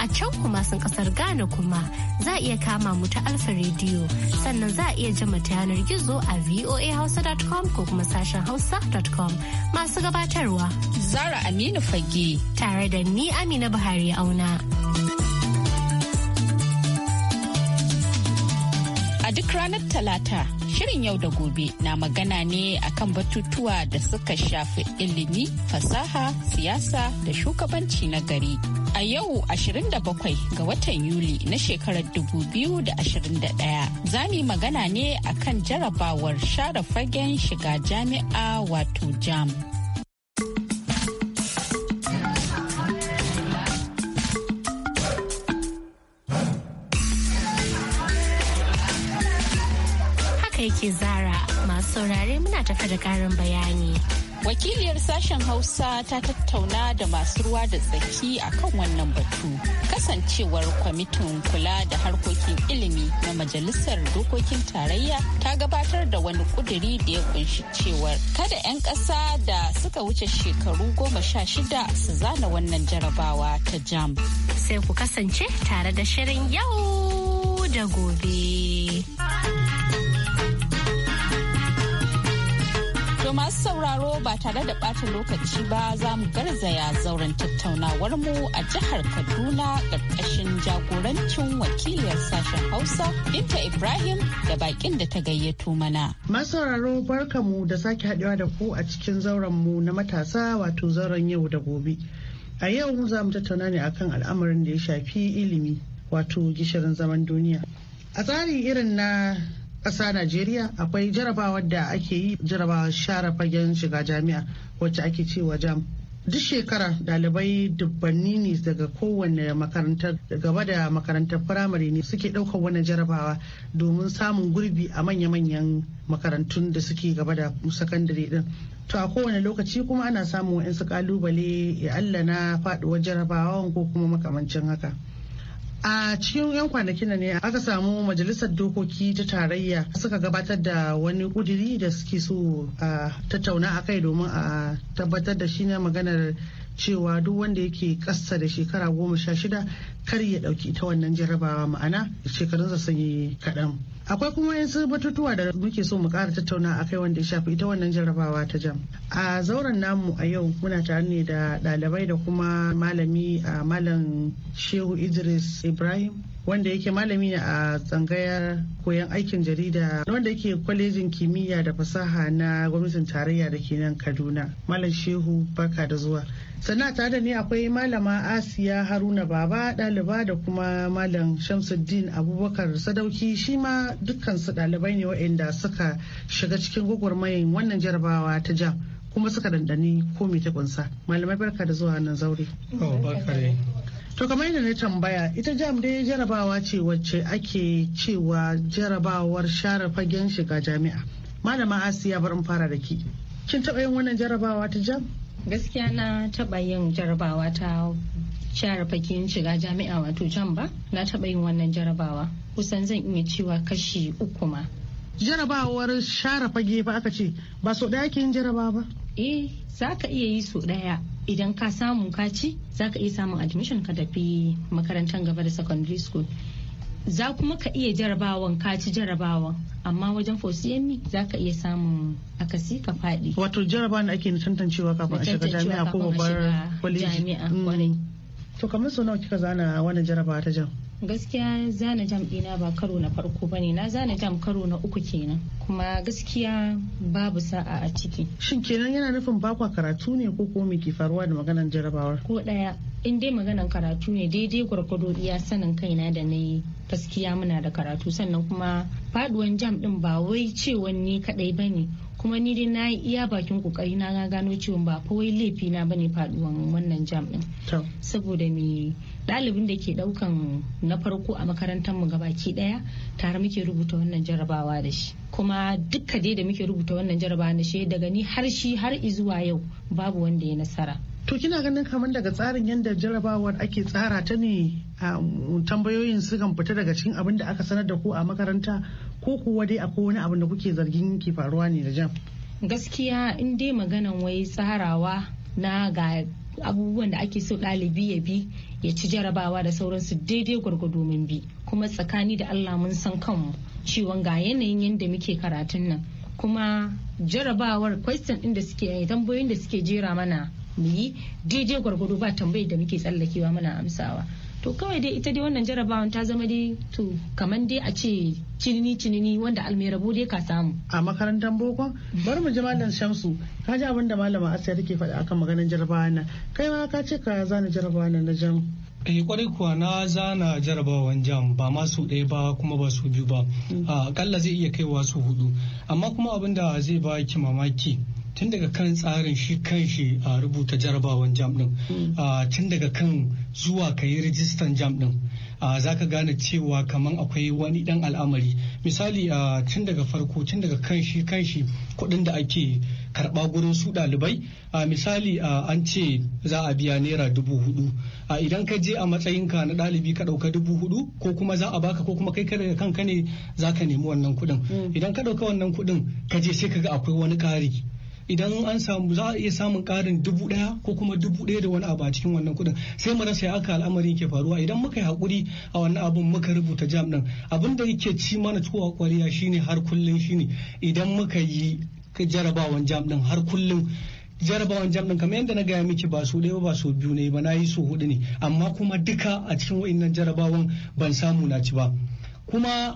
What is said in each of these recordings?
a can kuma sun kasar Ghana kuma za a iya kama mu ta Alfa Radio sannan za a iya jama ta yanar gizo a voahausa.com ko kuma sashen hausa.com masu gabatarwa. Zara Aminu Fage. Tare da ni Amina Buhari auna. A duk ranar Talata, shirin yau da gobe na magana ne akan batutuwa da suka shafi ilimi, fasaha, siyasa da shugabanci na gari. a yau 27 ga watan Yuli na shekarar 2021 za mu magana ne a kan jarabawar share fagen shiga jami'a wato jam. Haka yake zara masu saurare muna tafa da karin bayani. wakiliyar sashen hausa ta tattauna da masu ruwa da tsaki a kan wannan batu kasancewar kwamitin kula da harkokin ilimi na majalisar dokokin tarayya ta gabatar da wani kuduri da ya kunshi cewar kada 'yan ƙasa da suka wuce shekaru goma sha shida su zana wannan jarabawa ta jam sai ku kasance tare da shirin yau da gobe. To masu sauraro ba tare da bata lokaci ba za mu garzaya zauren tattaunawar mu a jihar Kaduna ƙarƙashin jagorancin wakiliyar sashen Hausa Binta Ibrahim da bakin da ta gayyato mana. Masu sauraro barka mu da sake haɗewa da ku a cikin zauren mu na matasa wato zauren yau da gobe. A yau za mu tattauna ne akan al'amarin da ya shafi ilimi wato gishirin zaman duniya. A tsari irin na ƙasa Najeriya akwai jarabawar da ake yi jarabawar share fagen shiga jami'a wacce ake cewa jam. Duk shekara dalibai dubbanni ne daga kowane makarantar gaba da makarantar firamare ne suke ɗaukar wannan jarabawa domin samun gurbi a manya-manyan makarantun da suke gaba da sakandare din. To a kowane lokaci kuma ana samun wa'insu ƙalubale ya Allah na faɗuwar jarabawan ko kuma makamancin haka. a cikin 'yan kwanakin ne aka samu majalisar dokoki ta tarayya suka gabatar da wani kudiri da suke so a tattauna a kai domin a tabbatar da shi ne maganar cewa duk wanda yake ƙasa da shekara goma sha shida kar ya ɗauki ita wannan jarabawa ma'ana shekarunsa sun yi kaɗan. Akwai kuma yansu batutuwa da muke so mu ƙara tattauna a kai wanda ya shafi ita wannan jarabawa ta jam. A zauren namu a yau muna tare ne da ɗalibai da kuma malami a malam Shehu Idris Ibrahim wanda yake malami ne a tsangayar koyon aikin jarida na wanda yake kwalejin kimiyya da fasaha na gwamnatin tarayya da ke nan kaduna malam shehu baka da zuwa sannan tare da ni akwai malama asiya haruna baba ɗaliba da kuma malam shamsuddin abubakar sadauki shi ma dukkansu ɗalibai ne waɗanda suka shiga cikin gwagwarmayin wannan jarabawa ta jam kuma suka dandani ko mai ta kunsa malamai barka da zuwa nan zaure To kamar yadda na tambaya ita jam dai jarabawa ce wacce ake cewa jarabawar share fagen shiga jami'a. Malama Asiya bari in fara da ki. Kin taɓa yin wannan jarabawa ta jam? Gaskiya na taɓa yin jarabawa ta share fagen shiga jami'a wato jam ba? Na taɓa yin wannan jarabawa. Kusan zan iya cewa kashi uku ma. Jarabawar share fage ba aka ce ba so ɗaya ke yin jarabawa ba? Eh, za ka iya yi so ɗaya idan ka samu ka ci za ka iya samun admission ka tafi makarantar gaba da secondary school za kuma ka iya jarabawan ka ci jarabawan amma wajen fosiyemi za ka iya samun akasi ka faɗi. wato jaraba ne ake tantancewa kafin a shiga jami'a ko babbar kwaleji jami'a mm. to kamar sau nawa kika zana wannan jarabawa ta jam gaskiya zana jam ɗina ba karo na farko ba ne na zana jam karo na uku kenan kuma gaskiya babu sa'a a ciki shin kenan yana nufin bakwa karatu ne ko ko ke faruwa da maganar jarabawar ko ɗaya in dai maganan karatu ne daidai gwargwado iya sanin kaina da na yi gaskiya muna da karatu sannan kuma faduwan jam ɗin ba wai cewa ni kadai ba ne kuma ni dai na yi iya bakin kokari na gano cewa ba kawai wai laifi na bane faduwan wannan jam din saboda me ɗalibin da ke ɗaukan na farko a makarantar mu gabaki ɗaya tare muke rubuta wannan jarabawa da shi kuma dukka dai da muke rubuta wannan jarabawa da shi daga ni har shi har izuwa yau babu wanda ya nasara To kina ganin kamar daga tsarin yadda jarabawar ake tsara ta ne um, tambayoyin sukan fita daga cikin abin da aka sanar da ku a makaranta ko kuwa dai akwai wani abin da kuke zargin ke faruwa ne da jam. Gaskiya in dai maganan wai tsarawa na ga abubuwan da ake so ɗalibi ya bi ya ci jarabawa da sauransu daidai gwargwado min bi kuma tsakani da allah mun san kanmu ciwon ga yanayin yadda muke karatun nan kuma jarabawar question ɗin da suke tambayoyin da suke jera mana mu yi daidai gwargwado ba tambayar da muke tsallakewa muna amsawa to kawai dai ita dai wannan jarabawan ta zama dai to kamar dai a ce cinini cinini wanda almerabo dai ka samu a makarantar boko bari mu ji malam shamsu ka ji abin da malama asiya take faɗi akan maganar jarabawan nan kai ma ka ce ka zana jarabawan nan na jam eh kwarai kuwa na zana jarabawan jam ba ma su ɗaya ba kuma ba su biyu ba kalla mm. ah, zai iya kaiwa su hudu amma kuma abin da zai ba ki mamaki tun daga kan tsarin shi kan shi a rubuta jarabawan jam ɗin mm. ah, tun daga kan zuwa ka yi rijistan jam din za ka gane cewa kamar akwai wani dan al'amari misali tun daga farko tun daga kanshi kanshi kuɗin da ake karɓa gurin su ɗalibai a misali an ce za a biya naira dubu hudu a idan ka je a matsayinka na ɗalibi ka ɗauka dubu hudu ko kuma za a baka ko kuma kai kada kanka ne za ka nemi wannan kuɗin mm. idan ka ɗauka wannan kuɗin ka je sai ka ga akwai wani ƙari idan an samu za a iya samun karin dubu daya ko kuma dubu daya da wani abu a cikin wannan kudin sai mu rasa aka al'amarin ke faruwa idan muka yi hakuri a wannan abun muka rubuta jam din abin da yake ci mana tuwa kwariya shine har kullun shine idan muka yi jarabawan jam din har kullun jarabawan jam din kamar yadda na gaya miki ba su ɗaya ba su biyu ne ba na yi su hudu ne amma kuma duka a cikin wa'innan jarabawan ban samu na ci ba kuma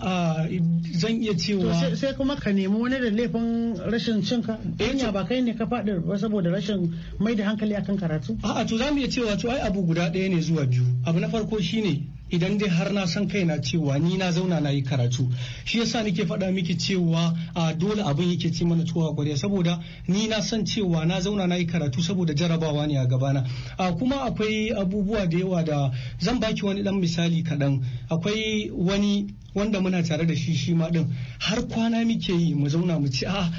zan iya cewa sai kuma ka nemi wani da laifin rashin cinka eh, hanya ba kai ne ka faɗi ba saboda rashin mai da hankali akan karatu a to zamu iya cewa to ai abu guda ɗaya ne zuwa biyu abu na farko shine idan dai har na san na cewa ni na zauna na yi karatu shi yasa nake faɗa miki cewa a dole abin yake ci mana tuwa kwarya saboda ni na san cewa na zauna na yi karatu saboda jarabawa ne a gabana a kuma akwai abubuwa da yawa da zan baki wani dan misali kaɗan akwai wani wanda muna tare da shi shi ma din har kwana muke yi mu zauna mu ci a ah,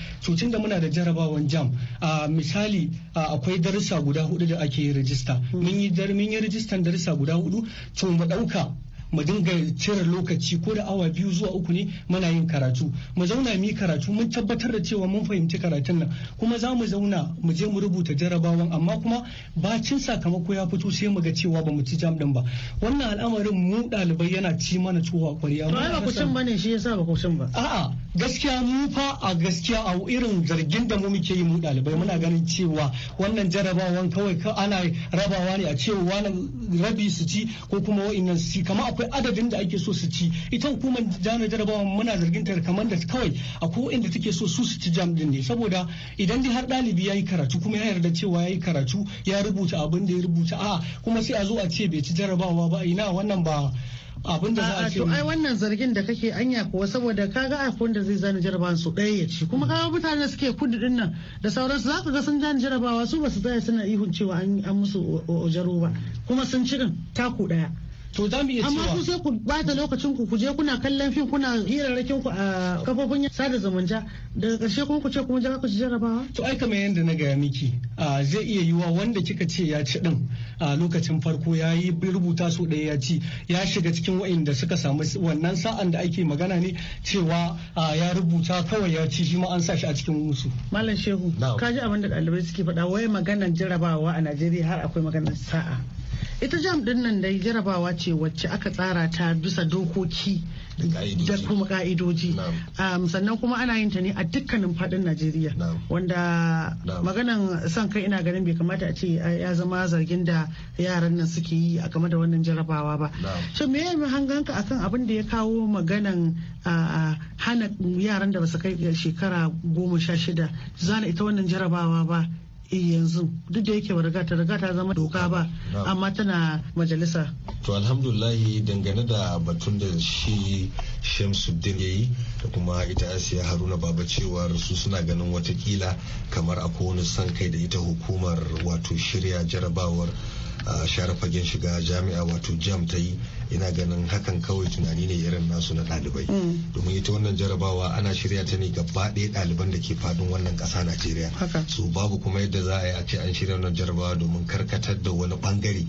da muna da jarabawan jam a ah, misali ah, akwai darussa guda hudu da ake rajista mun yi mun yi rajistan darussa guda hudu to mu dauka mu dinga cire lokaci ko da awa biyu zuwa uku ne muna yin karatu mu zauna mu yi karatu mun tabbatar da cewa mun fahimci karatun nan kuma za mu zauna mu je mu rubuta jarabawan amma kuma bacin sakamako ya fito sai mu ga cewa ba mu ci jam din ba wannan al'amarin mu ɗalibai yana ci mana tuwa kwariya ba ba ku ba ne shi yasa ba cin ba a'a gaskiya mu fa a gaskiya a irin zargin da mu muke yi mu ɗalibai muna ganin cewa wannan jarabawan kawai ana rabawa ne a cewa rabi su ci ko kuma wa'annan su kamar akwai akwai adadin da ake so su ci ita hukumar jami'ar jarabawa muna zargin ta kamar da kawai akwai inda take so su su ci jam din ne saboda idan dai har ɗalibi ya yi karatu kuma ya yarda cewa ya yi karatu ya rubuta abin da ya rubuta a kuma sai a zo a ce bai ci jarabawa ba ina wannan ba abin da za a ce to ai wannan zargin da kake anya kuwa saboda kaga a da zai zani jarabawa su ɗaya ya ci kuma kaga mutane suke kudu din nan da sauransu zaka ga sun zani jarabawa su ba su tsaya suna ihun cewa an musu ojaro ba kuma sun cikin taku daya. to za mu iya cewa amma ku sai ku bata lokacin ku ku je kuna kallon fim kuna hirarrakin ku a kafofin sada zumunta daga ƙarshe kuma ku ce kuma jaka ku ci jarabawa to ai kamar yadda na gaya miki zai iya yiwa wanda kika ce ya ci din a lokacin farko ya yi rubuta su ɗaya ya ci ya shiga cikin wa'inda suka samu wannan sa'an da ake magana ne cewa ya rubuta kawai ya ci shi ma an sa shi a cikin musu malam shehu ka ji abin da ɗalibai suke faɗa wai maganar jarabawa a najeriya har akwai maganar sa'a ita jam din nan dai jarabawa ce wacce aka tsara ta bisa dokoki da kuma ka'idoji sannan kuma ana yin ta ne a dukkanin fadin najeriya wanda maganan son kai ina ganin bai kamata a ce ya zama zargin da yaran nan suke yi a game da wannan jarabawa ba so me yayin hanganka akan abin da ya kawo maganan hana yaran da ba su kai shekara goma sha shida zana ita wannan jarabawa ba Eh, yanzu duk da yake ba ta riga ta zama doka ba amma tana majalisa to alhamdulahi dangane da batun da shi shamsuddin ya yi da kuma ita asiya haruna baba cewar su suna ganin watakila kamar akwai wani son kai da ita hukumar wato shirya jarabawar share fagen shiga jami'a wato jam ta yi ina ganin hakan kawai tunani ne irin nasu na ɗalibai mm. domin ita wannan jarabawa ana shirya ta ne gaba ɗaya ɗaliban da ke faɗin wannan ƙasa najeriya so babu kuma yadda za a yi a ce an shirya wannan jarabawa domin karkatar da wani ɓangare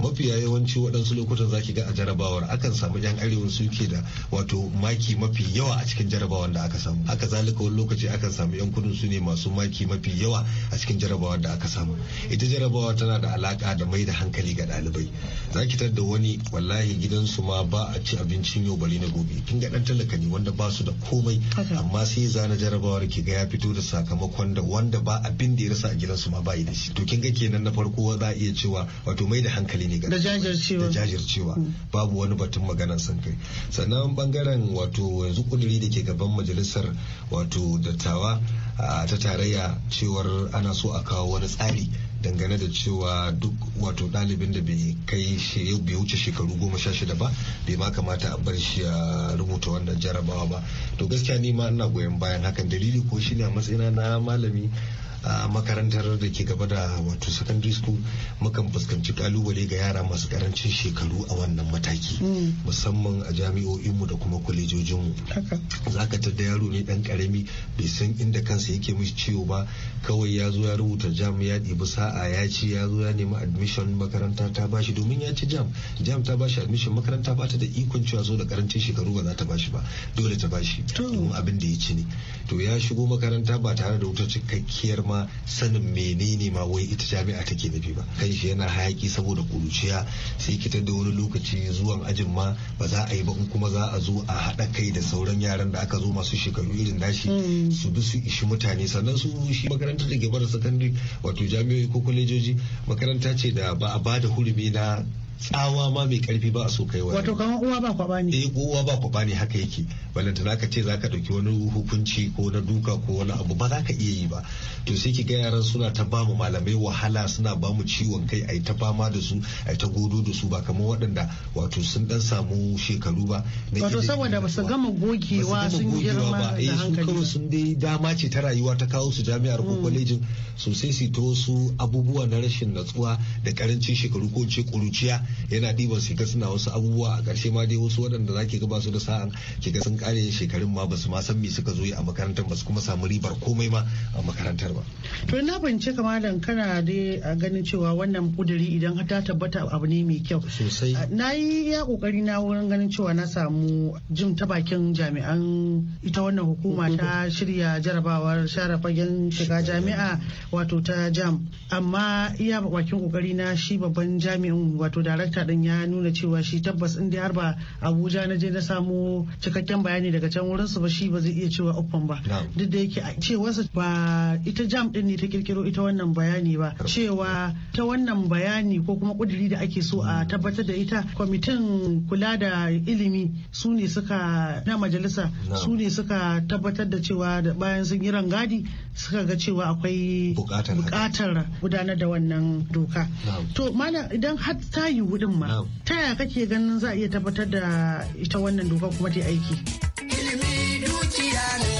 mafiya yawanci waɗansu lokutan zaki ga a jarabawar akan samu yan arewa suke da wato maki mafi yawa a cikin jarabawar da aka samu haka zalika wani lokaci akan samu yan kudun su ne masu maki mafi yawa a cikin jarabawar da aka samu ita jarabawa tana da alaka da mai da hankali ga ɗalibai zaki tar da wani wallahi gidansu ma ba a ci abincin yau bari na gobe kin ga ɗan talaka ne wanda ba su da komai amma sai zana jarabawar ki ga ya fito da sakamakon da wanda ba abin da ya rasa a gidansu ma ba yi da shi to kin ga kenan na farko za a iya cewa wato mai da hankali ne da jajircewa hmm. babu wani batun maganar san kai sannan bangaren wato yanzu kuduri da ke gaban majalisar wato dattawa ta tarayya cewar ana so a kawo wani tsari dangane da cewa duk wato ɗalibin da bai kai bai wuce shekaru goma sha shida ba bai ma kamata a bar shi a rubuta wannan jarabawa ba to gaskiya ni ma ina goyon bayan hakan dalili ko shine a matsayina na malami a makarantar da ke gaba da wato secondary school mukan fuskanci kalubale ga yara masu karancin shekaru a wannan mataki mm. musamman a jami'o'inmu da kuma kwalejojinmu za ka da yaro ne dan karami bai san inda kansa yake mishi ciwo ba kawai ya zo ya rubuta jam ya ɗibi sa'a ya ci ya zo ya nemi admission makaranta ta bashi domin ya ci jam jam ta bashi admission makaranta ba ta da ikon cewa zo da karancin shekaru ba za ta bashi ba dole ta bashi domin abin da ya ci ne to ya shigo makaranta ba tare da wutar cikakkiyar kuma sanin menene ma wai ita jami'a take nufi ba kan shi yana hayaki saboda kuruciya sai kita da wani lokaci zuwan ajin ma ba za a yi ba kuma za a zo a haɗa kai da sauran yaran da aka zo masu shekaru irin nashi mm. su bi su ishi mutane sannan su shi makarantar da gaba da sakandare wato jami'o'i ko kwalejoji makaranta ce da ba a bada da hurumi na tsawa ma mai karfi ba a so kai wani wato kamar uwa ba kwaba ne eh uwa ba kwaba ne haka yake balanta ka ce zaka dauki wani hukunci ko na duka ko wani abu ba zaka iya yi ba to sai ki ga yaran suna ta ba mu malamai wahala suna ba mu ciwon kai ai ta fama da su ai ta godo da su ba kamar waɗanda wato sun dan samu shekaru ba wato saboda ba su gama gogewa sun girma da eh, hankali kawai sun dai dama ce ta rayuwa ta kawo su jami'ar ko hmm. kwalejin sosai su to su abubuwa na rashin natsuwa da karancin shekaru ko ce kuruciya yana ɗiban su suna wasu abubuwa a ƙarshe ma dai wasu waɗanda za ki ga su da sa'an ki ga sun kare shekarun ma ba su ma san me suka zo yi a makarantar ba su kuma samu ribar komai ma a makarantar ba. To na bincike da kana dai a ganin cewa wannan kuduri idan ta tabbata abu ne mai kyau. Sosai. Na yi ya kokari na wurin ganin cewa na samu jim ta bakin jami'an ita wannan hukuma ta shirya jarabawar share fagen shiga jami'a wato ta jam amma iya bakin kokari na shi babban jami'in wato da darakta din ya nuna cewa shi tabbas in har ba abuja na je na samo cikakken bayani daga can wurin su ba shi ba zai iya cewa uffan ba duk da yake a cewarsa ba ita jam din ne ta kirkiro ita wannan bayani ba cewa ta wannan bayani ko kuma kudiri da ake so a tabbatar da ita kwamitin kula da ilimi su ne suka na majalisa su ne suka tabbatar da cewa da bayan sun yi rangadi suka ga cewa akwai bukatar gudanar da wannan doka to mana idan har ta yiwu kuɗin ma ta yaya kake ganin za a iya tabbatar da ita wannan doka kuma ta aiki ilimi dukiya ne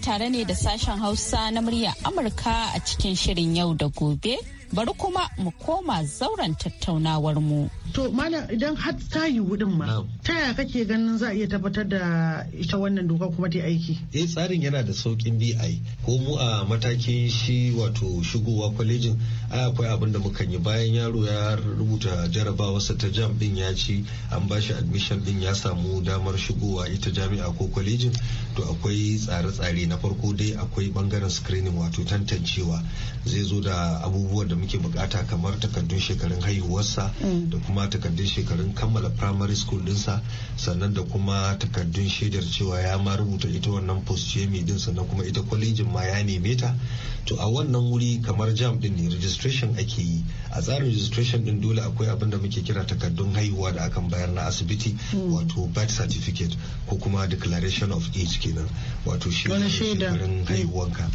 tare ne da sashen Hausa na murya Amurka a cikin shirin yau da gobe bari kuma mu koma zauren tattaunawar mu. To malam idan har ta yiwu din ma ta yaya kake ganin za a iya tabbatar da ita wannan doka kuma ta aiki? Eh tsarin yana da saukin bi ai ko mu a matakin shi wato shigowa kwalejin ai akwai abin da muka yi bayan yaro ya rubuta jarabawarsa ta jam din ya ci an ba shi admission din ya samu damar shigowa ita jami'a ko kwalejin to akwai tsare-tsare na farko dai akwai bangaren screening wato tantancewa zai zo da abubuwan da muke bukata kamar takardun shekarun haihuwarsa mm. da kuma takardun shekarun kammala primary school dinsa sannan da kuma takardun shaidar cewa ya ma rubuta ita wannan post-jami e din sannan kuma ita kwalejin ma ya neme ta to a wannan wuri kamar jam din ne registration ake yi a tsarin registration din dole akwai abin da muke kira takardun haihuwa da akan bayar na asibiti mm. wato birth certificate ko kuma declaration of age kenan wato shi ne shekarun haihuwanka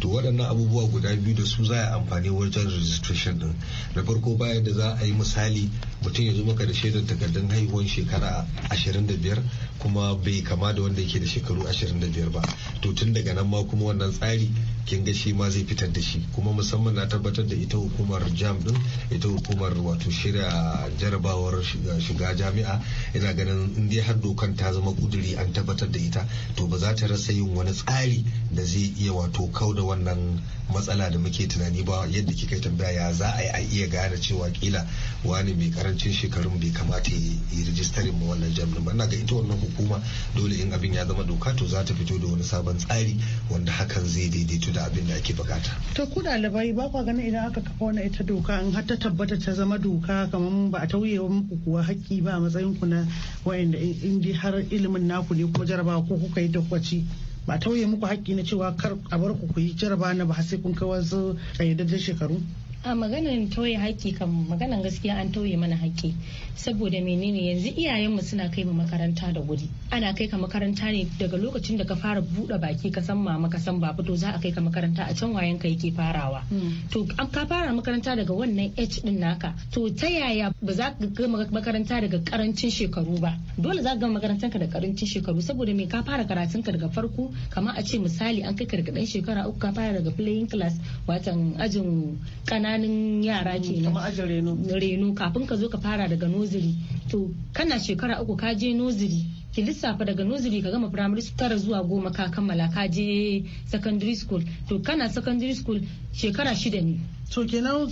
to waɗannan abubuwa guda biyu da su za a amfani wajen registration din na farko bayan da za a yi misali mutum ya zo maka da shaidar takardun haihuwan shekara 25 kuma bai kama da wanda yake da shekaru 25 ba to tun daga nan ma kuma wannan tsari kin ga shi ma zai fitar da shi kuma musamman na tabbatar da ita hukumar jam din ita hukumar wato shirya jarabawar shiga jami'a ina ganin in dai har dokan ta zama kuduri an tabbatar da ita to ba za ta rasa kasa yin wani tsari da zai iya wato kau da wannan matsala da muke tunani ba yadda kika tambaya ya za a yi a iya gane cewa kila wani mai karancin shekarun bai kamata ya rijistarin ma wannan jami'in ba na ga ita wannan hukuma dole in abin ya zama doka to za ta fito da wani sabon tsari wanda hakan zai daidaito da abin da ake bukata. to ku ɗalibai ba kwa ganin idan aka kafa wani ita doka in har ta tabbata ta zama doka kamar ba a tauye muku kuwa hakki ba a matsayin ku na wayanda in har ilimin naku ne kuma jarabawa ko kuka yi dokwaci ba tauye muku haƙƙi na cewa kar a bar ku ku yi jaraba na ba sai kun kai wasu ƙayyadaddun shekaru a maganar toye haƙƙi kan maganar gaskiya an toye mana haƙƙi saboda menene yanzu iyayenmu suna kai mu makaranta da wuri ana kai ka makaranta ne daga lokacin da ka fara buɗe baki ka san mama ka san baba to za a kai ka makaranta a can wayan ka yake farawa hmm. to ka fara makaranta daga wannan age din naka to ta yaya ba za ka gama makaranta daga karancin shekaru ba dole za ka gama makarantanka da karancin shekaru saboda me ka fara karatun ka daga farko kamar a ce misali an kai ka daga dan shekara uku ka fara daga playing class watan ajin kana ƙananun yara mm, kenan reno kafin ka zo ka fara daga noziri to kana shekara uku ka je noziri ki lissafa daga nursery ka gama primary school. tara zuwa goma ka kammala ka je secondary school to kana secondary school shekara shida ne to kenan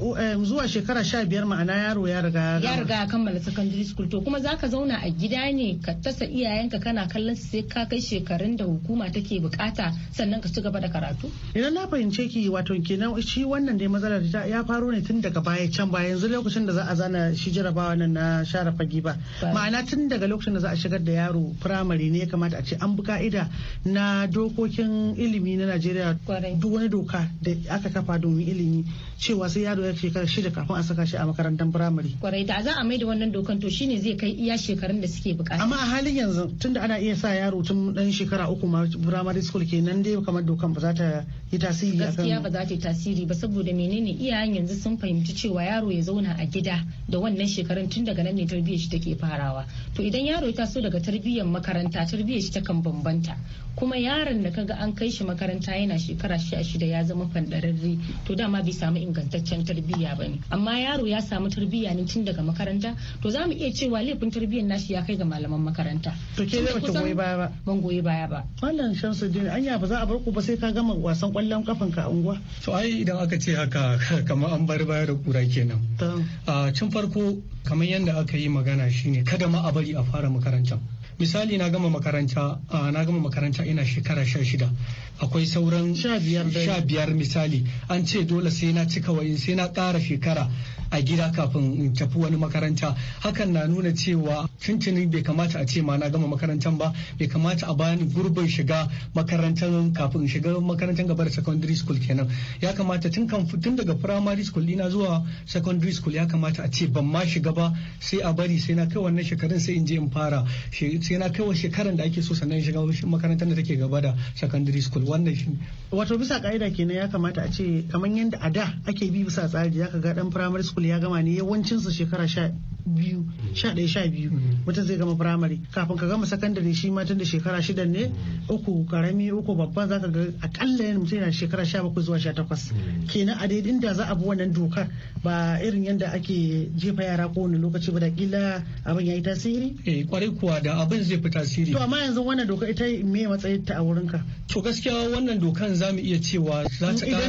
um, zuwa shekara sha biyar ma'ana yaro ya riga ya riga kammala secondary school to kuma zaka zauna a gida ne ka tasa iyayenka kana kallon su sai ka kai shekarun da hukuma take bukata sannan ka ci gaba da karatu idan na fahimce ki wato kenan shi wannan dai matsalar ya faro ne tun daga baya can ba yanzu lokacin da za a zana shi jarabawa nan na share fage ba ma'ana tun daga lokacin da za a shigar da yaro firamare ne ya kamata a ce an bi ka'ida na dokokin ilimi na najeriya duk wani doka da aka kafa domin ilimi cewa sai yaro ya shekara shida kafin a saka shi a makarantar firamare kwarai da za a maida wannan dokan to shine zai kai iya shekarun da suke bukata amma a halin yanzu tunda ana iya sa yaro tun dan shekara uku ma firamare school kenan dai kamar dokan ba za ta yi tasiri gaskiya ba za ta yi tasiri ba saboda menene iyayen yanzu sun fahimci cewa yaro ya zauna a gida da wannan shekarun tun daga nan ne tarbiyyar shi take farawa to idan yaro ya taso daga tarbiyyar makaranta tarbiyyar shi takan bambanta kuma yaron da kaga an kai shi makaranta yana shekara a shida ya zama fandararri to dama bai samu ingantaccen tarbiyya ba ne amma yaro ya samu tarbiyya ne tun daga makaranta to za mu iya cewa laifin tarbiyyar nashi ya kai ga malaman makaranta to ke zai bata goyi baya ba ban goyi baya ba wannan shamsuddin anya ba za a bar ku ba sai ka gama wasan kwallon kafan ka unguwa to ai idan aka ce haka kamar an bar baya da kura kenan a cin farko kamar yadda aka yi magana shine kada ma a bari a fara makaranta lancang misali na gama makaranta na gama makaranta ina shekara sha shida akwai sauran sha biyar misali an ce dole sai na cika wayin sai na kara shekara a gida kafin in tafi wani makaranta hakan na nuna cewa tuntunin bai kamata a ce ma na gama makarantan ba bai kamata a bani gurbin shiga makarantan kafin shiga makarantan gaba da secondary school kenan ya kamata tun tun daga primary school ina zuwa secondary school ya kamata a ce ban ma shiga ba sai a bari sai na kai wannan shekarun sai in je in fara sai na kai shekaran da ake so sannan shiga makarantar da take gaba da secondary school wannan shi wato bisa ka'ida kenan ya kamata a ce kamar yadda a da ake bi bisa tsari ya ka ga dan primary school ya gama ne yawancin su shekara biyu sha ɗaya sha biyu mutum zai gama firamare kafin ka gama sakandare shi ma da shekara shida ne uku karami uku babba zaka ga akalla yana mutum yana shekara sha bakwai zuwa sha takwas kenan a daidai inda za a bi wannan dokar ba irin yadda ake jefa yara ko wani lokaci ba da kila abin ya yi tasiri. eh kwarai kuwa da abin zai fi tasiri. to amma yanzu wannan doka ita me matsayin ta a wurinka. to gaskiya wannan dokan za mu iya cewa za ta ƙara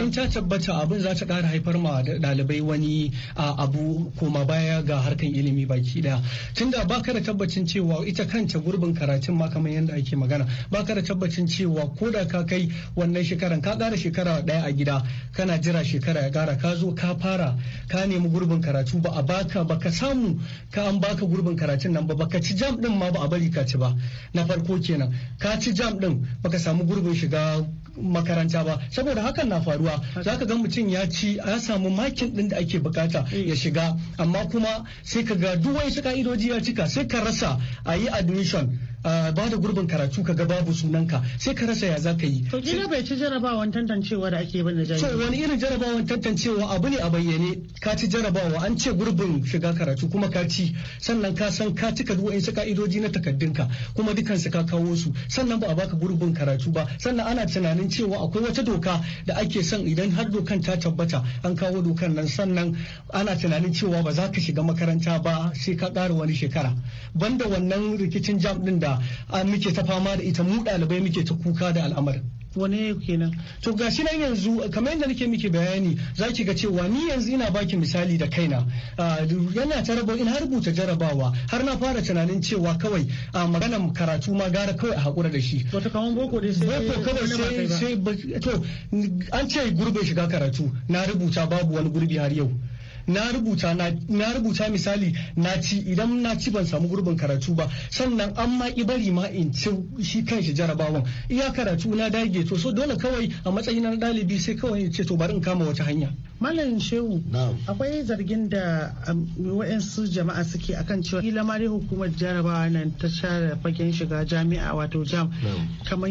in ta tabbata abin za ta ƙara haifar ma ɗalibai wani a abu koma baya ga harkan ilimi baki daya tunda baka da tabbacin cewa ita kanta gurbin karatun ma kamar yadda ake magana baka da tabbacin cewa ko da ka kai wannan shekaran ka kara shekara daya a gida kana jira shekara ya kara ka zo ka fara ka nemi gurbin karatu ba a baka ba ka samu ka an baka gurbin karatun nan ba baka ci jam din ma ba a bari ka ci ba na farko kenan ka ci jam din baka samu gurbin shiga makaranta ba saboda hakan na faruwa za ka ga mutum ya ci ya samu makin din da ake bukata eh. ya shiga amma kuma sai ka ga duk wani su ka'idoji ya cika sai ka rasa a yi admission ba da gurbin karatu ka ga babu sunanka sai ka rasa ya za ka yi. To kila bai ci jarabawan tantancewa da ake bane jami'a. So wani irin jarabawan tantancewa abu ne a bayyane ka ci jarabawa an ce gurbin shiga karatu kuma ka ci sannan ka san ka cika duk wa'insu ka'idoji na takaddunka kuma dukansu ka kawo su sannan ba a baka gurbin karatu ba sannan ana tunanin cewa akwai wata doka da ake son idan har dokan ta tabbata an kawo dokan nan sannan ana tunanin cewa ba za ka shiga makaranta ba sai ka kara wani shekara banda wannan rikicin jam din da da muke ta fama da ita mu ɗalibai muke ta kuka da al'amar wane kenan to ga shi nan yanzu kamar yadda nake miki bayani za ki ga cewa ni yanzu ina baki misali da kaina yana ta rabo ina rubuta jarabawa har na fara tunanin cewa kawai a maganar karatu ma gara kawai a hakura da shi to kaman boko dai sai boko kawai sai to an ce gurbin shiga karatu na rubuta babu wani gurbi har yau na rubuta na rubuta misali na ci idan na ci ban samu gurbin karatu ba sannan an ma bari ma in ci shi kanshi jarabawan iya karatu na dage to so dole kawai a matsayin na ɗalibi sai kawai ce to bari in kama wata hanya Malam Shehu, akwai zargin da um, waɗansu jama'a suke akan cewa kila ma hukumar jarabawa nan ta share fagen shiga jami'a wato jam kamar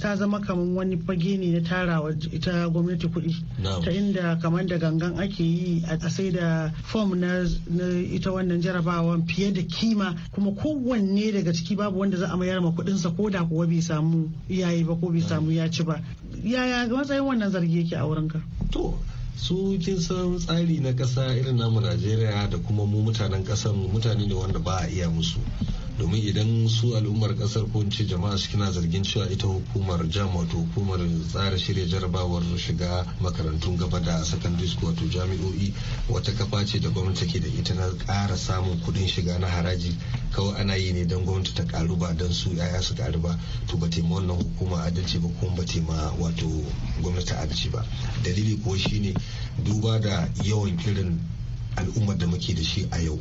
ta zama kamar wani fage ne na tarawa ita gwamnati kuɗi ta inda kamar da gangan ake yi a sai da fom na ita wannan jarabawan fiye da kima kuma kowanne daga ciki babu wanda za a mayar ma sa ko da kuwa bai samu iyaye ba ko bai samu ya ci ba yaya matsayin wannan zargi yake a wurinka to su kin san tsari na kasa irin namu najeriya da kuma mu mutanen kasan mutane ne wanda ba a iya musu domin idan su al'ummar kasar ko ce jama'a su na zargin cewa ita hukumar jam wato hukumar tsara shirya jarabawar shiga makarantun gaba da secondary school wato jami'o'i wata kafa ce da gwamnati ke da ita na ƙara samun kuɗin shiga na haraji kawai ana yi ne don gwamnati ta karu ba don su yaya su karu ba to ba taima wannan hukuma adalci ba kuma ba taima wato gwamnati adalci ba dalili kuwa shine duba da yawan kirin al'ummar da muke da shi a yau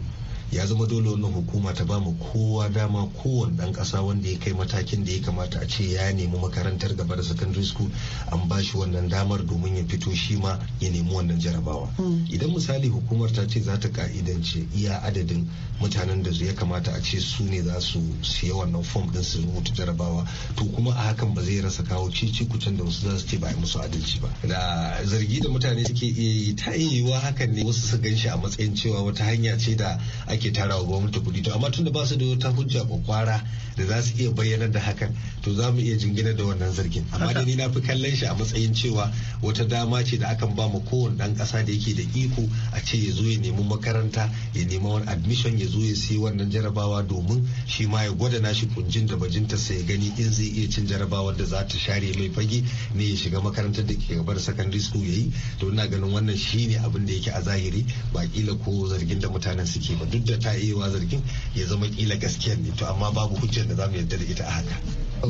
ya zama dole wannan hukuma ta ba mu kowa dama kowane dan kasa wanda ya kai matakin da ya kamata a ce ya nemi makarantar gaba da secondary school an ba shi wannan damar domin ya fito shi ma ya nemi wannan jarabawa hmm. idan misali hukumar ta ce za ta ka'idance iya adadin mutanen da ya kamata a ce su ne za su siya wannan fom din su rubuta jarabawa to kuma a hakan ba zai rasa kawo cici kucin da wasu za su ce ba a musu adalci ba da zargi da mutane suke iya yi ta yiwuwa hakan ne wasu su gan shi a matsayin cewa wata hanya ce da ake ake tara wa gwamnati kuɗi to amma tunda ba su da wata hujja kwakwara da za su iya bayyana da hakan to za mu iya jingina da wannan zargin amma da ni na fi kallon shi a matsayin cewa wata dama ce da akan ba mu kowane dan ƙasa da yake da iko a ce ya zo ya nemi makaranta ya nemi wani admission ya zo ya siya wannan jarabawa domin shi ma ya gwada nashi kunjin da bajinta sai ya gani in zai iya cin jarabawar da za ta share mai fage ne ya shiga makarantar da ke gabar secondary school yayi to ina ganin wannan shi ne abin da yake a zahiri ba kila ko zargin da mutanen suke ba duk hujja ta iya zargin ya zama kila gaskiyar ne to amma babu hujjar da za mu yarda da ita a haka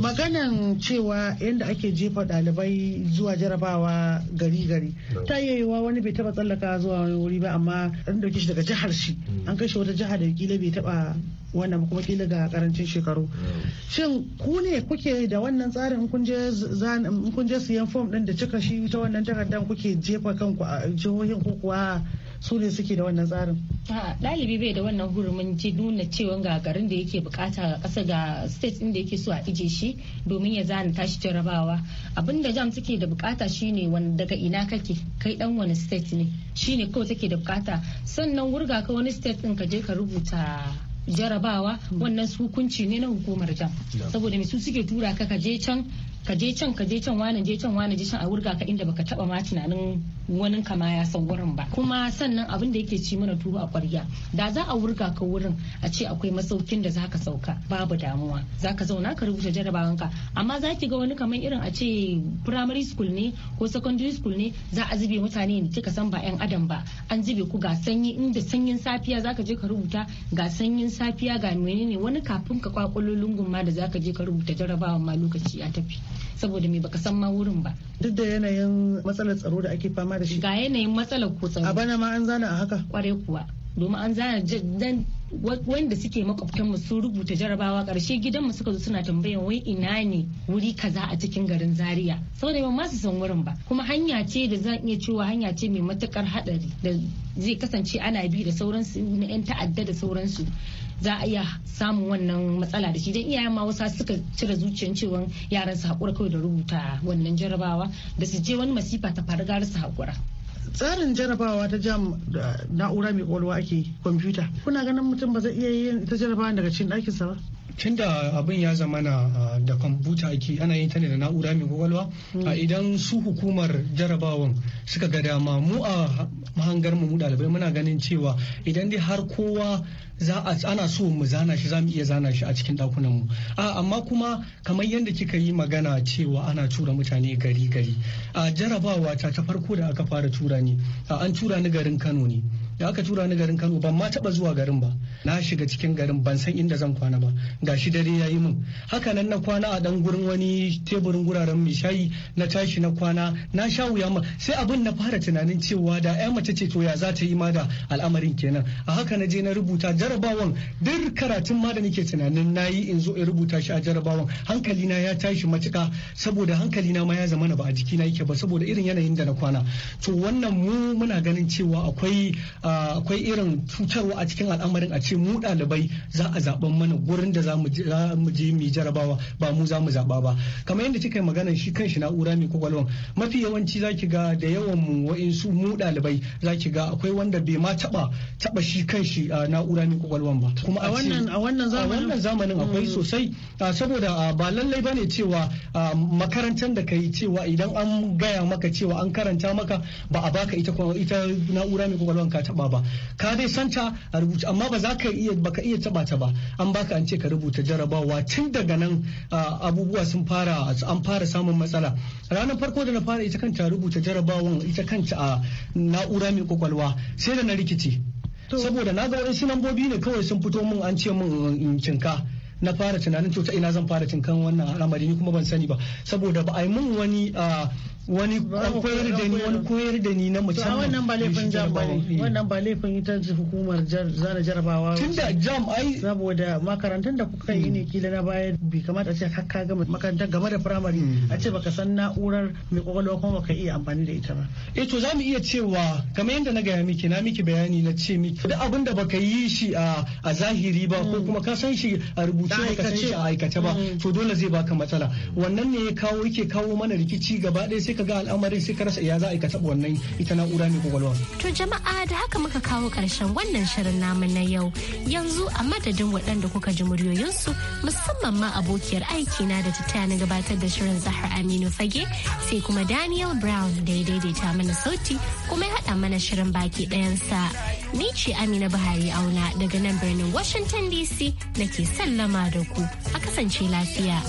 maganan cewa yadda ake jefa dalibai zuwa jarabawa gari gari ta yi yiwuwa wani bai taba tsallaka zuwa wani wuri ba amma an dauke shi daga jihar shi mm. an kai shi wata jihar da kila bai taba wannan kuma kila ga karancin shekaru shin ku ne kuke da wannan tsarin in kun je siyan fom din da cika shi ta wannan dan kuke jefa kanku a jihohin ku kuwa su ne suke da wannan tsarin ɗalibi bai da wannan hurumin ji nuna cewa ga garin da yake bukata ga ƙasa ga state inda yake so a ije shi domin ya zana tashi jarabawa abin da jam suke da bukata shine wani daga ina kake kai dan wani state ne shine kawai take da bukata sannan wurga ka wani state din ka je ka rubuta jarabawa hmm. wannan hukunci ne na hukumar jam saboda su suke tura ka ka je can ka je can ka je can wani je can wani je can a wurga ka inda baka taba ma tunanin wani kama ya san wurin ba kuma sannan abin da yake ci mana tuwo a kwarya da za a wurga ka wurin a ce akwai masaukin da zaka sauka babu damuwa zaka zauna ka rubuta jarabawanka amma za ki ga wani kamar irin a ce primary school ne ko secondary school ne za a zube mutane da kika san ba yan adam ba an zube ku ga sanyi inda sanyin safiya zaka je ka rubuta ga sanyin safiya ga menene wani kafin ka kwakwalo lungun ma da zaka je ka rubuta jarabawan ma lokaci ya tafi saboda me baka san ma wurin ba duk da yanayin matsalar tsaro da ake fama da shi ga yanayin matsalar ko tsaro a bana ma an zana a haka kwarai kuwa domin an zana dan wanda suke makwabtanmu sun rubuta jarabawa karshe gidanmu suka zo suna tambayan wai ina ne wuri kaza a cikin garin zaria saboda yawan masu san wurin ba kuma hanya ce da zan iya cewa hanya ce mai matukar hadari da zai kasance ana bi da sauransu na yan ta'adda da sauransu za a iya samun wannan matsala da shi dan iyayen ma wasa suka cire zuciyan cewa yaran su hakura kawai da rubuta wannan jarabawa da su je wani masifa ta faru gara su haƙura. tsarin jarabawa ta jam da na'ura mai kwalwa ake kwamfuta kuna ganin mutum ba zai iya yin ita jarabawa daga cikin ɗakinsa ba tunda abin ya zama na da kwamfuta ake ana yin ta ne da na'ura mai kwakwalwa hmm. idan su hukumar jarabawan suka ga dama mu a mahangar mu ɗalibai muna ganin cewa idan dai har kowa za a ana so mu zana shi za mu iya zana shi a cikin dakunan mu amma kuma kamar yadda kika yi magana cewa ana tura mutane gari gari a jarabawa ta ta farko da aka fara tura ni an tura ni garin Kano ne da aka tura ni garin Kano ban ma taba zuwa garin ba na shiga cikin garin ban san inda zan kwana ba shi dare ya yi min haka nan na kwana a dan gurin wani teburin guraren mai shayi na tashi na kwana na sha wuya ma sai abin na fara tunanin cewa da ya mace ce to ya za ta yi ma da al'amarin kenan a haka na je na rubuta jarabawan duk karatun ma da nake tunanin na yi in zo in rubuta shi a jarabawan na ya tashi matuka saboda na ma ya zama na ba a jiki na yake ba saboda irin yanayin da na kwana to wannan mu muna ganin cewa akwai akwai irin cutarwa a cikin al'amarin a ce mu ɗalibai za a zaben mana gurin da za mu je mu jarabawa ba mu za mu zaba ba kamar yadda kika yi magana shi kanshi na'ura mai kwakwalwan mafi yawanci za ki ga da yawan mu wa'insu mu ɗalibai ki ga akwai wanda bai ma taba taba shi kanshi na'ura mai kwakwalwan ba kuma a wannan zamanin akwai mm. sosai saboda ba lallai ba ne cewa makarantar da kai cewa idan an gaya maka cewa an karanta maka ba a baka ita ita na'ura mai kwakwalwan ka taba ba ka dai santa a rubuta amma ba za ka iya baka iya taba ta ba an baka an ce ka rubuta jarabawa tun daga nan abubuwa sun fara an fara samun matsala ranar farko da na fara ita kanta rubuta jarabawan ita kanta a na'ura mai kwakwalwa sai da na rikici saboda na ga wani lambobi ne kawai sun fito min an ce min in cinka na fara tunanin to ta ina zan fara cinkan wannan al'amari ni kuma ban sani ba saboda ba a yi min wani ah, wani koyar da ni wani koyar da ni na musamman wannan ba laifin jam ba wannan ba laifin ita hukumar zana jarabawa tun da jam ai saboda makarantun da kuka yi ne hmm. kila na baya bai kamata a ce ka gama makarantar game da firamare hmm. a ce baka san na'urar mai kwakwalwa kuma baka iya amfani da ita ba eh to zamu iya cewa kamar yadda na gaya miki na miki bayani na ce miki duk abin da baka yi shi a zahiri ba ko hmm. kuma ka san shi a rubuce baka san shi a aikace ba to dole zai baka matsala wannan ne ya kawo yake kawo mana rikici gaba ɗaya sai ka ga al'amarin sai ka rasa ya za a ka taɓa wannan ita na'ura mai kwakwalwa. To jama'a da haka muka kawo ƙarshen wannan shirin namu na yau yanzu a madadin waɗanda kuka ji muryoyinsu musamman ma abokiyar aiki na da ta na gabatar da shirin zahar Aminu Fage sai kuma Daniel Brown da ya daidaita mana sauti kuma ya haɗa mana shirin baki ɗayansa. Ni ce Amina Buhari Auna daga nan birnin Washington DC nake sallama da ku a kasance lafiya.